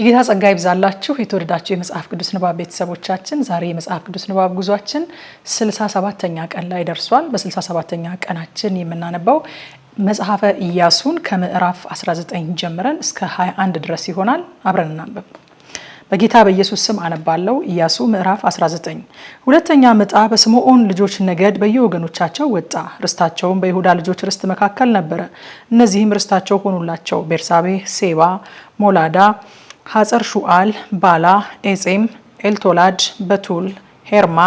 የጌታ ጸጋ ይብዛላችሁ የተወደዳችሁ የመጽሐፍ ቅዱስ ንባብ ቤተሰቦቻችን፣ ዛሬ የመጽሐፍ ቅዱስ ንባብ ጉዟችን 67ተኛ ቀን ላይ ደርሷል። በ በ67ተኛ ቀናችን የምናነባው መጽሐፈ ኢያሱን ከምዕራፍ 19 ጀምረን እስከ 21 ድረስ ይሆናል። አብረን እናንብብ። በጌታ በኢየሱስ ስም አነባለው። ኢያሱ ምዕራፍ 19 ሁለተኛ ምጣ በስምዖን ልጆች ነገድ በየወገኖቻቸው ወጣ። ርስታቸውም በይሁዳ ልጆች ርስት መካከል ነበረ። እነዚህም ርስታቸው ሆኑላቸው፦ ቤርሳቤህ፣ ሴባ፣ ሞላዳ ሐጸር ሹአል ባላ፣ ኤጼም፣ ኤልቶላድ፣ በቱል፣ ሄርማ፣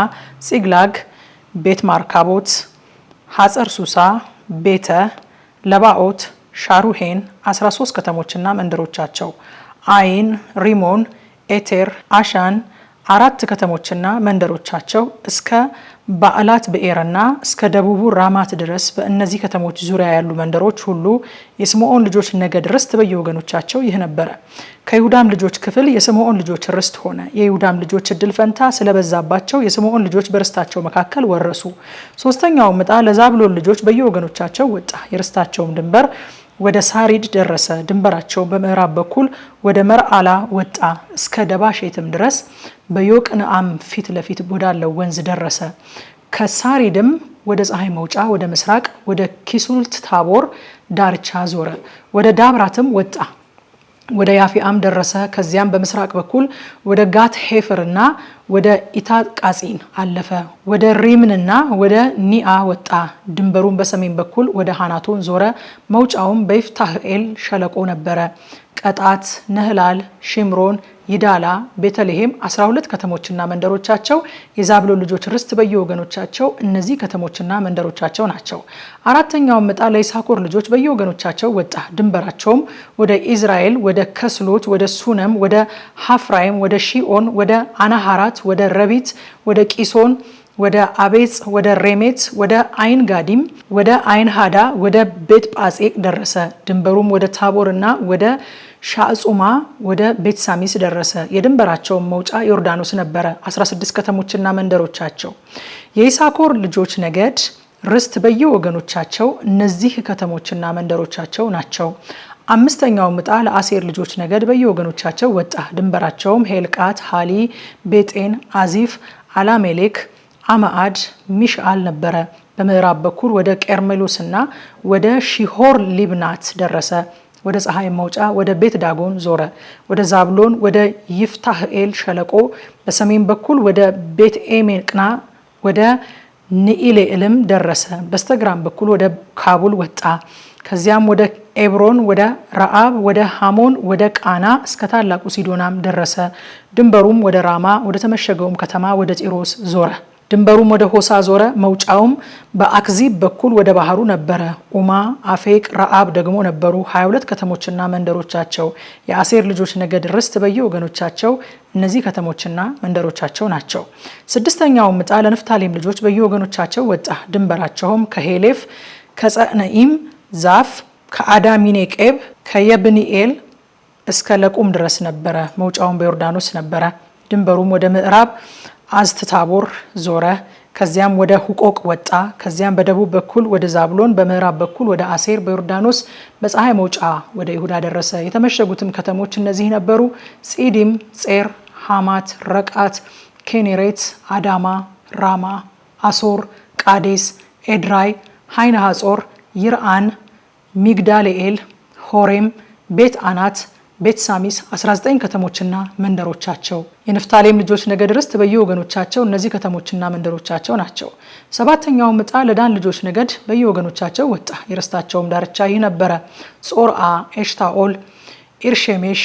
ጺግላግ፣ ቤት ማርካቦት፣ ሐጸር ሱሳ፣ ቤተ ለባኦት፣ ሻሩሄን 13 ከተሞችና መንደሮቻቸው፣ አይን፣ ሪሞን፣ ኤቴር፣ አሻን አራት ከተሞችና መንደሮቻቸው እስከ ባዕላት ብኤርና እስከ ደቡቡ ራማት ድረስ በእነዚህ ከተሞች ዙሪያ ያሉ መንደሮች ሁሉ የስምዖን ልጆች ነገድ ርስት በየወገኖቻቸው ይህ ነበረ። ከይሁዳም ልጆች ክፍል የስምዖን ልጆች ርስት ሆነ። የይሁዳም ልጆች እድል ፈንታ ስለበዛባቸው የስምዖን ልጆች በርስታቸው መካከል ወረሱ። ሶስተኛውም ምጣ ለዛብሎን ልጆች በየወገኖቻቸው ወጣ። የርስታቸውም ድንበር ወደ ሳሪድ ደረሰ። ድንበራቸው በምዕራብ በኩል ወደ መርአላ ወጣ። እስከ ደባሼትም ድረስ በዮቅንአም ፊት ለፊት ወዳለው ወንዝ ደረሰ። ከሳሪድም ወደ ፀሐይ መውጫ ወደ ምስራቅ ወደ ኪሱልት ታቦር ዳርቻ ዞረ። ወደ ዳብራትም ወጣ። ወደ ያፊአም ደረሰ። ከዚያም በምስራቅ በኩል ወደ ጋት ሄፈርና ወደ ቃጺን አለፈ። ወደ ሪምንና ወደ ኒአ ወጣ። ድንበሩን በሰሜን በኩል ወደ ሃናቶን ዞረ። መውጫውም በይፍታህኤል ሸለቆ ነበረ። ቀጣት፣ ነህላል፣ ሽምሮን ይዳላ፣ ቤተልሔም 12 ከተሞችና መንደሮቻቸው የዛብሎን ልጆች ርስት በየወገኖቻቸው እነዚህ ከተሞችና መንደሮቻቸው ናቸው። አራተኛውም ዕጣ ለይሳኮር ልጆች በየወገኖቻቸው ወጣ። ድንበራቸውም ወደ ኢዝራኤል፣ ወደ ከስሎት፣ ወደ ሱነም፣ ወደ ሀፍራይም፣ ወደ ሺኦን፣ ወደ አናሃራት፣ ወደ ረቢት፣ ወደ ቂሶን ወደ አቤጽ፣ ወደ ሬሜት፣ ወደ አይን ጋዲም፣ ወደ አይን ሃዳ፣ ወደ ቤት ጳጼቅ ደረሰ። ድንበሩም ወደ ታቦርና ወደ ሻዕጹማ ወደ ቤት ሳሚስ ደረሰ። የድንበራቸውን መውጫ ዮርዳኖስ ነበረ። 16 ከተሞችና መንደሮቻቸው። የይሳኮር ልጆች ነገድ ርስት በየወገኖቻቸው እነዚህ ከተሞችና መንደሮቻቸው ናቸው። አምስተኛው ምጣ ለአሴር ልጆች ነገድ በየወገኖቻቸው ወጣ። ድንበራቸውም ሄልቃት፣ ሃሊ፣ ቤጤን፣ አዚፍ፣ አላሜሌክ አማአድ ሚሽአል ነበረ። በምዕራብ በኩል ወደ ቀርሜሎስና ወደ ሺሆር ሊብናት ደረሰ። ወደ ፀሐይ መውጫ ወደ ቤት ዳጎን ዞረ። ወደ ዛብሎን ወደ ይፍታህኤል ሸለቆ በሰሜን በኩል ወደ ቤት ኤሜቅና ወደ ንኢሌኤልም ደረሰ። በስተግራም በኩል ወደ ካቡል ወጣ። ከዚያም ወደ ኤብሮን ወደ ረአብ ወደ ሃሞን ወደ ቃና እስከ ታላቁ ሲዶናም ደረሰ። ድንበሩም ወደ ራማ ወደ ተመሸገውም ከተማ ወደ ጢሮስ ዞረ። ድንበሩም ወደ ሆሳ ዞረ። መውጫውም በአክዚብ በኩል ወደ ባህሩ ነበረ። ኡማ፣ አፌቅ፣ ረአብ ደግሞ ነበሩ፣ 22 ከተሞችና መንደሮቻቸው። የአሴር ልጆች ነገድ ርስት ወገኖቻቸው እነዚህ ከተሞችና መንደሮቻቸው ናቸው። ስድስተኛውም ምጣ ለንፍታሌም ልጆች ወገኖቻቸው ወጣ። ድንበራቸውም ከሄሌፍ፣ ከጸነኢም ዛፍ፣ ከአዳሚኔቄብ፣ ከየብኒኤል እስከ ለቁም ድረስ ነበረ። መውጫውን በዮርዳኖስ ነበረ። ድንበሩም ወደ ምዕራብ አዝት ታቦር ዞረ። ከዚያም ወደ ሁቆቅ ወጣ። ከዚያም በደቡብ በኩል ወደ ዛብሎን፣ በምዕራብ በኩል ወደ አሴር፣ በዮርዳኖስ በፀሐይ መውጫ ወደ ይሁዳ ደረሰ። የተመሸጉትም ከተሞች እነዚህ ነበሩ፦ ጺዲም፣ ጼር፣ ሃማት፣ ረቃት፣ ኬኔሬት፣ አዳማ፣ ራማ፣ አሶር፣ ቃዴስ፣ ኤድራይ፣ ሃይነ ሐጾር፣ ይርአን፣ ሚግዳልኤል፣ ሆሬም፣ ቤት አናት ቤት ሳሚስ 19 ከተሞችና መንደሮቻቸው። የንፍታሌም ልጆች ነገድ ርስት በየወገኖቻቸው እነዚህ ከተሞችና መንደሮቻቸው ናቸው። ሰባተኛውም ምጣ ለዳን ልጆች ነገድ በየወገኖቻቸው ወጣ። የርስታቸውም ዳርቻ ይህ ነበረ። ጾርአ፣ ኤሽታኦል፣ ኢርሼሜሽ፣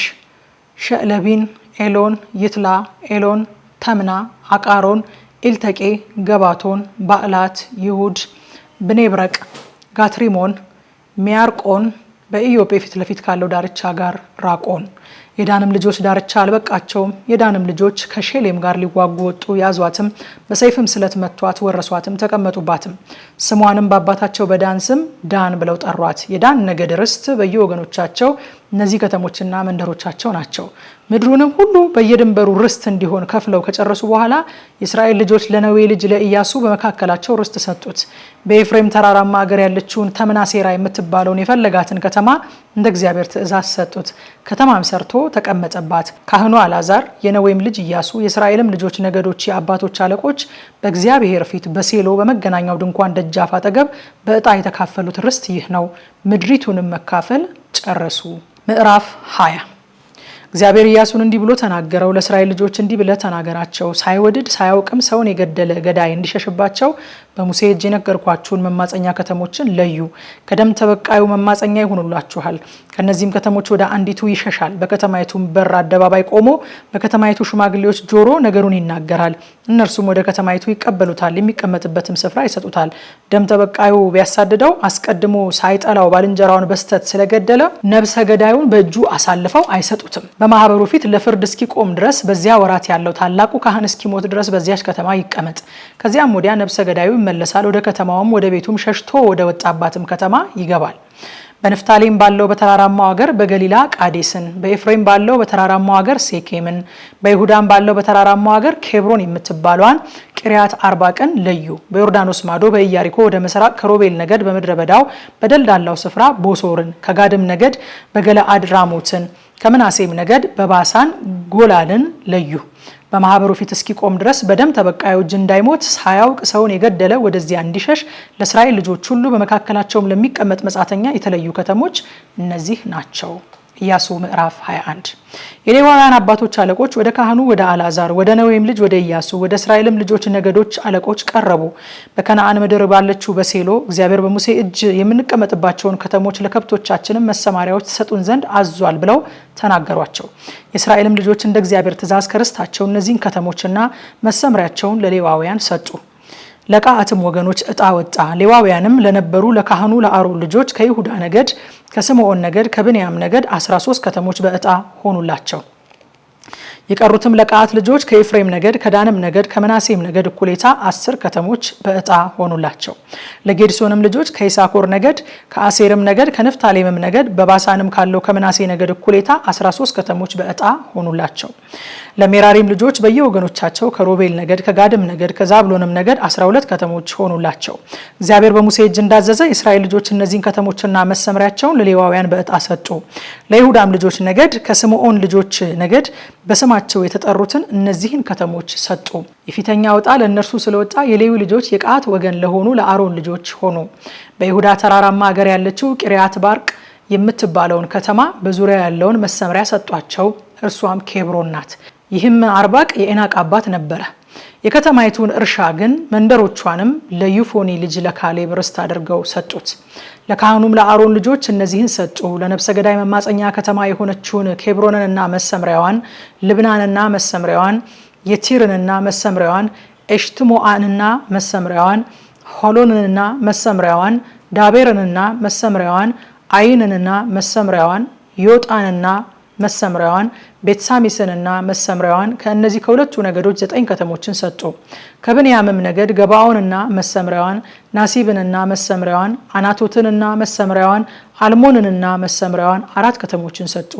ሸዕለቢን፣ ኤሎን፣ ይትላ፣ ኤሎን፣ ተምና፣ አቃሮን፣ ኢልተቄ፣ ገባቶን፣ ባዕላት፣ ይሁድ፣ ብኔብረቅ፣ ጋትሪሞን፣ ሚያርቆን በኢዮጴ ፊት ለፊት ካለው ዳርቻ ጋር ራቆን። የዳንም ልጆች ዳርቻ አልበቃቸውም። የዳንም ልጆች ከሼሌም ጋር ሊዋጉ ወጡ። ያዟትም፣ በሰይፍም ስለት መቷት፣ ወረሷትም፣ ተቀመጡባትም። ስሟንም በአባታቸው በዳን ስም ዳን ብለው ጠሯት። የዳን ነገድ ርስት በየወገኖቻቸው እነዚህ ከተሞችና መንደሮቻቸው ናቸው። ምድሩንም ሁሉ በየድንበሩ ርስት እንዲሆን ከፍለው ከጨረሱ በኋላ የእስራኤል ልጆች ለነዌ ልጅ ለኢያሱ በመካከላቸው ርስት ሰጡት። በኤፍሬም ተራራማ ሀገር ያለችውን ተምናሴራ የምትባለውን የፈለጋትን ከተማ እንደ እግዚአብሔር ትእዛዝ ሰጡት። ከተማም ሰርቶ ተቀመጠባት። ካህኑ አልዓዛር፣ የነዌም ልጅ ኢያሱ፣ የእስራኤልም ልጆች ነገዶች የአባቶች አለቆች በእግዚአብሔር ፊት በሴሎ በመገናኛው ድንኳን ደጃፍ አጠገብ በእጣ የተካፈሉት ርስት ይህ ነው። ምድሪቱንም መካፈል ጨረሱ። ምዕራፍ 20 እግዚአብሔር ኢያሱን እንዲህ ብሎ ተናገረው፣ ለእስራኤል ልጆች እንዲህ ብለህ ተናገራቸው፣ ሳይወድድ ሳያውቅም ሰውን የገደለ ገዳይ እንዲሸሽባቸው በሙሴ እጅ የነገርኳችሁን መማፀኛ ከተሞችን ለዩ። ከደም ተበቃዩ መማፀኛ ይሆኑላችኋል። ከእነዚህም ከተሞች ወደ አንዲቱ ይሸሻል። በከተማይቱም በር አደባባይ ቆሞ በከተማይቱ ሽማግሌዎች ጆሮ ነገሩን ይናገራል። እነርሱም ወደ ከተማይቱ ይቀበሉታል፣ የሚቀመጥበትም ስፍራ ይሰጡታል። ደም ተበቃዩ ቢያሳድደው አስቀድሞ ሳይጠላው ባልንጀራውን በስተት ስለገደለ ነብሰ ገዳዩን በእጁ አሳልፈው አይሰጡትም። በማህበሩ ፊት ለፍርድ እስኪቆም ድረስ በዚያ ወራት ያለው ታላቁ ካህን እስኪሞት ድረስ በዚያች ከተማ ይቀመጥ። ከዚያም ወዲያ ነብሰ ገዳዩ ይመለሳል። ወደ ከተማውም ወደ ቤቱም ሸሽቶ ወደ ወጣባትም ከተማ ይገባል። በንፍታሌም ባለው በተራራማው ሀገር በገሊላ ቃዴስን፣ በኤፍሬም ባለው በተራራማው ሀገር ሴኬምን፣ በይሁዳም ባለው በተራራማው አገር ኬብሮን የምትባሏን ቅሪያት አርባቅን ለዩ። በዮርዳኖስ ማዶ በኢያሪኮ ወደ ምስራቅ ከሮቤል ነገድ በምድረ በዳው በደልዳላው ስፍራ ቦሶርን፣ ከጋድም ነገድ በገለአድ ራሞትን ከምናሴም ነገድ በባሳን ጎላንን ለዩ። በማህበሩ ፊት እስኪቆም ድረስ በደም ተበቃዩ እጅ እንዳይሞት ሳያውቅ ሰውን የገደለ ወደዚያ እንዲሸሽ ለእስራኤል ልጆች ሁሉ በመካከላቸውም ለሚቀመጥ መጻተኛ የተለዩ ከተሞች እነዚህ ናቸው። ኢያሱ ምዕራፍ 21 የሌዋውያን አባቶች አለቆች ወደ ካህኑ ወደ አልዓዛር ወደ ነዌም ልጅ ወደ ኢያሱ ወደ እስራኤልም ልጆች ነገዶች አለቆች ቀረቡ። በከነአን ምድር ባለችው በሴሎ እግዚአብሔር በሙሴ እጅ የምንቀመጥባቸውን ከተሞች ለከብቶቻችንም መሰማሪያዎች ትሰጡን ዘንድ አዟል ብለው ተናገሯቸው። የእስራኤልም ልጆች እንደ እግዚአብሔር ትእዛዝ ከርስታቸው እነዚህን ከተሞችና መሰምሪያቸውን ለሌዋውያን ሰጡ። ለቃአትም ወገኖች እጣ ወጣ። ሌዋውያንም ለነበሩ ለካህኑ ለአሮን ልጆች ከይሁዳ ነገድ፣ ከስምዖን ነገድ፣ ከብንያም ነገድ 13 ከተሞች በእጣ ሆኑላቸው። የቀሩትም ለቀዓት ልጆች ከኤፍሬም ነገድ፣ ከዳንም ነገድ፣ ከመናሴም ነገድ እኩሌታ አስር ከተሞች በእጣ ሆኑላቸው። ለጌድሶንም ልጆች ከይሳኮር ነገድ፣ ከአሴርም ነገድ፣ ከንፍታሌምም ነገድ በባሳንም ካለው ከመናሴ ነገድ እኩሌታ 13 ከተሞች በእጣ ሆኑላቸው። ለሜራሪም ልጆች በየወገኖቻቸው ከሮቤል ነገድ፣ ከጋድም ነገድ፣ ከዛብሎንም ነገድ 12 ከተሞች ሆኑላቸው። እግዚአብሔር በሙሴ እጅ እንዳዘዘ የእስራኤል ልጆች እነዚህን ከተሞችና መሰመሪያቸውን ለሌዋውያን በእጣ ሰጡ። ለይሁዳም ልጆች ነገድ ከስምዖን ልጆች ነገድ በስማ በስማቸው የተጠሩትን እነዚህን ከተሞች ሰጡ። የፊተኛ ዕጣ ለእነርሱ ስለወጣ የሌዊ ልጆች የቀዓት ወገን ለሆኑ ለአሮን ልጆች ሆኑ። በይሁዳ ተራራማ አገር ያለችው ቂርያት ባርቅ የምትባለውን ከተማ በዙሪያ ያለውን መሰመሪያ ሰጧቸው። እርሷም ኬብሮን ናት። ይህም አርባቅ የኤናቅ አባት ነበረ። የከተማይቱን እርሻ ግን መንደሮቿንም ለዩፎኒ ልጅ ለካሌብ ርስት አድርገው ሰጡት። ለካህኑም ለአሮን ልጆች እነዚህን ሰጡ። ለነፍሰ ገዳይ መማፀኛ ከተማ የሆነችውን ኬብሮንንና መሰምሪያዋን፣ ልብናንና መሰምሪያዋን፣ የቲርንና መሰምሪያዋን፣ ኤሽትሞአንና መሰምሪያዋን፣ ሆሎንንና መሰምሪያዋን፣ ዳቤርንና መሰምሪያዋን፣ አይንንና መሰምሪያዋን፣ ዮጣንና መሰምሪያዋን ቤትሳሚስንና መሰምሪያዋን ከእነዚህ ከሁለቱ ነገዶች ዘጠኝ ከተሞችን ሰጡ። ከብንያምም ነገድ ገባዖንና መሰምሪያዋን፣ ናሲብንና መሰምሪያዋን፣ አናቶትንና መሰምሪያዋን፣ አልሞንንና መሰምሪያዋን አራት ከተሞችን ሰጡ።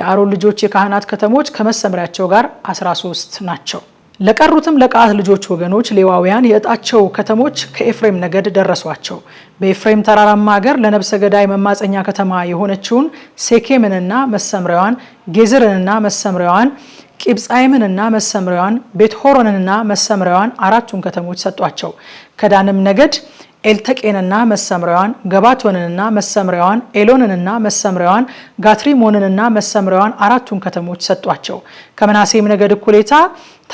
የአሮን ልጆች የካህናት ከተሞች ከመሰምሪያቸው ጋር 13 ናቸው። ለቀሩትም ለቀዓት ልጆች ወገኖች ሌዋውያን የእጣቸው ከተሞች ከኤፍሬም ነገድ ደረሷቸው። በኤፍሬም ተራራማ ሀገር ለነብሰ ገዳይ መማፀኛ ከተማ የሆነችውን ሴኬምንና መሰምሪያዋን፣ ጌዝርንና መሰምሪያዋን፣ ቂብጻይምንና መሰምሪያዋን፣ ቤትሆሮንንና መሰምሪያዋን አራቱን ከተሞች ሰጧቸው። ከዳንም ነገድ ኤልተቄንና መሰምሪያዋን ገባቶንንና መሰምሪያዋን ኤሎንንና መሰምሪያዋን ጋትሪሞንንና መሰምሪያዋን አራቱን ከተሞች ሰጧቸው። ከመናሴም ነገድ እኩሌታ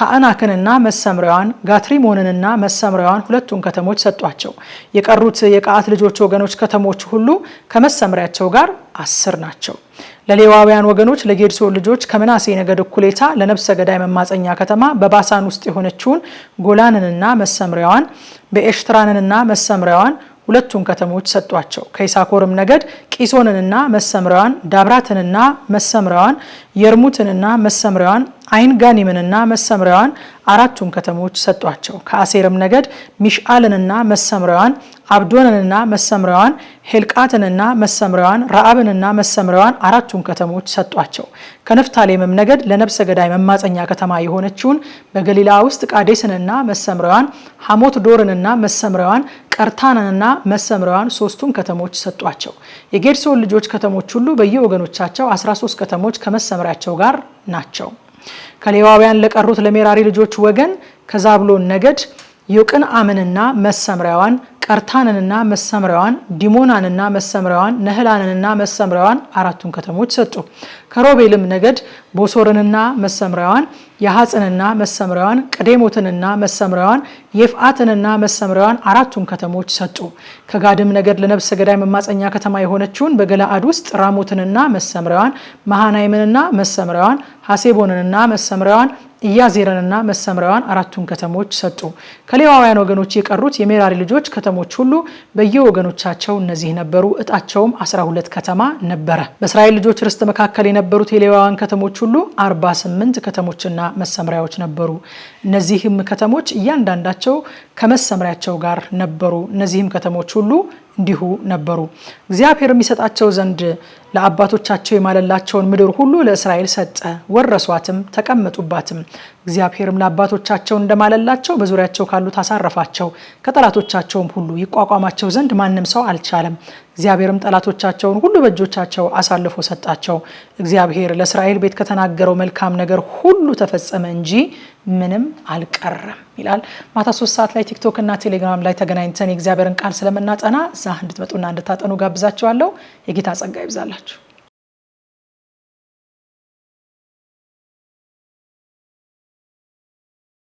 ታዕናክንና መሰምሪያዋን ጋትሪሞንንና መሰምሪያዋን ሁለቱን ከተሞች ሰጧቸው። የቀሩት የቀዓት ልጆች ወገኖች ከተሞች ሁሉ ከመሰምሪያቸው ጋር አስር ናቸው። ለሌዋውያን ወገኖች ለጌድሶን ልጆች ከምናሴ ነገድ እኩሌታ ለነብሰ ገዳይ መማፀኛ ከተማ በባሳን ውስጥ የሆነችውን ጎላንንና መሰምሪያዋን በኤሽትራንንና መሰምሪያዋን ሁለቱን ከተሞች ሰጧቸው። ከይሳኮርም ነገድ ቂሶንንና መሰምሪያዋን፣ ዳብራትንና መሰምሪያዋን፣ የርሙትንና መሰምሪያዋን አይን ጋኒምንና መሰምሪያዋን አራቱን ከተሞች ሰጧቸው። ከአሴርም ነገድ ሚሽአልንና መሰምሪያዋን፣ አብዶንንና መሰምሪያዋን፣ ሄልቃትንና መሰምሪያዋን፣ ረአብንና መሰምሪያዋን አራቱን ከተሞች ሰጧቸው። ከነፍታሌምም ነገድ ለነብሰ ገዳይ መማፀኛ ከተማ የሆነችውን በገሊላ ውስጥ ቃዴስንና መሰምሪያዋን፣ ሐሞት ዶርንና መሰምሪያዋን፣ ቀርታንንና መሰምሪያዋን ሶስቱን ከተሞች ሰጧቸው። የጌድሶን ልጆች ከተሞች ሁሉ በየወገኖቻቸው 13 ከተሞች ከመሰምሪያቸው ጋር ናቸው። ከሌዋውያን ለቀሩት ለሜራሪ ልጆች ወገን ከዛብሎን ነገድ አምንና መሰምሪያዋን ቀርታንንና መሰምሪያዋን ዲሞናንና መሰምሪያዋን ነህላንንና መሰምሪያዋን አራቱን ከተሞች ሰጡ። ከሮቤልም ነገድ ቦሶርንና መሰምሪያዋን ያሐጽንና መሰምሪያዋን ቅዴሞትንና መሰምሪያዋን የፍአትንና መሰምሪያዋን አራቱን ከተሞች ሰጡ። ከጋድም ነገድ ለነብሰ ገዳይ መማፀኛ ከተማ የሆነችውን በገላአድ ውስጥ ራሞትንና መሰምሪያዋን፣ መሃናይምንና መሰምሪያዋን፣ ሐሴቦንንና መሰምሪያዋን ኢያዜርንና መሰምሪያዋን አራቱን ከተሞች ሰጡ። ከሌዋውያን ወገኖች የቀሩት የሜራሪ ልጆች ከተሞች ሁሉ በየወገኖቻቸው እነዚህ ነበሩ። እጣቸውም 12 ከተማ ነበረ። በእስራኤል ልጆች ርስት መካከል የነበሩት የሌዋውያን ከተሞች ሁሉ 48 ከተሞችና መሰምሪያዎች ነበሩ። እነዚህም ከተሞች እያንዳንዳቸው ከመሰምሪያቸው ጋር ነበሩ። እነዚህም ከተሞች ሁሉ እንዲሁ ነበሩ። እግዚአብሔር የሚሰጣቸው ዘንድ ለአባቶቻቸው የማለላቸውን ምድር ሁሉ ለእስራኤል ሰጠ፣ ወረሷትም፣ ተቀመጡባትም። እግዚአብሔርም ለአባቶቻቸው እንደማለላቸው በዙሪያቸው ካሉት አሳረፋቸው፣ ከጠላቶቻቸውም ሁሉ ይቋቋማቸው ዘንድ ማንም ሰው አልቻለም። እግዚአብሔርም ጠላቶቻቸውን ሁሉ በእጆቻቸው አሳልፎ ሰጣቸው። እግዚአብሔር ለእስራኤል ቤት ከተናገረው መልካም ነገር ሁሉ ተፈጸመ እንጂ ምንም አልቀረም ይላል። ማታ ሶስት ሰዓት ላይ ቲክቶክ እና ቴሌግራም ላይ ተገናኝተን የእግዚአብሔርን ቃል ስለምናጠና እዛ እንድትመጡና እንድታጠኑ ጋብዛቸዋለሁ የጌታ ጸጋ ይብዛላችሁ።